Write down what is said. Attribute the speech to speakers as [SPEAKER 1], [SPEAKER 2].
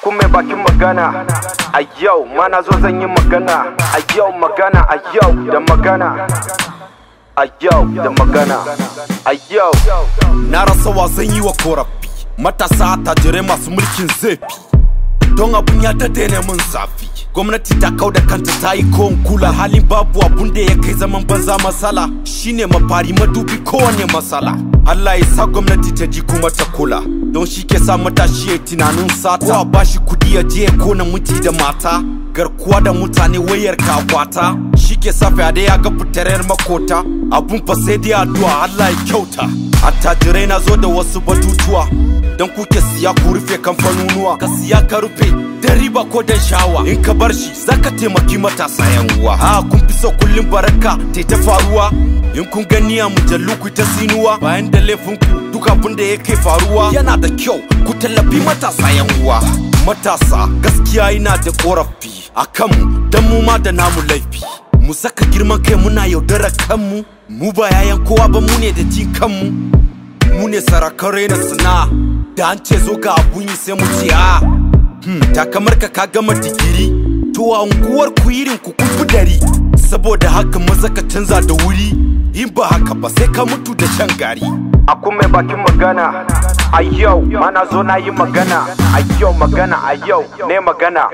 [SPEAKER 1] a mai bakin magana a yau mana zo zan yi magana a yau magana a yau da magana a yau da
[SPEAKER 2] magana a yau na rasawa zan yi wa korafi matasa tajirai masu mulkin zafi don abun ya ne mun zafi gwamnati ta kau da kanta ta yi ko kula halin babu abun da ya kai zaman banza masala shine mafari madubi kowane masala Allah ya sa gwamnati ta ji kuma ta kula don shi ke sa matashi ya tunanin sata ko a bashi kudi ya je ya kona da mata garkuwa da mutane wayar kakwata ake sa fyaɗe ya ga fitarar makota abun fa sai dai addu'a Allah ya kyauta attajirai na zo da wasu batutuwa dan kuke siya ku rufe kamfanonuwa ka siya ka rufe dan riba ko dan shawa in ka bar shi zaka taimaki matasa yan uwa ha kun fi so kullum baraka ta ta faruwa in kun gani a mujallu ku ta sinuwa bayan da laifin ku duk abin da yake faruwa yana da kyau ku tallafi matasa yan uwa matasa gaskiya ina da korafi a kanmu don mu ma da namu laifi mu saka girman kai muna yaudara kanmu mu ba yayan kowa ba mu ne da kanmu mu ne sarakan raina suna da an ce zo ga abun yi sai mu ce a ah, hmm, kamar ka ka gama digiri to a unguwar ku irin ku kufu dari saboda haka maza ka canza da wuri in ba haka ba sai
[SPEAKER 1] ka mutu da shan gari a mai bakin magana a yau mana zo na yi magana a yau magana a yau ne magana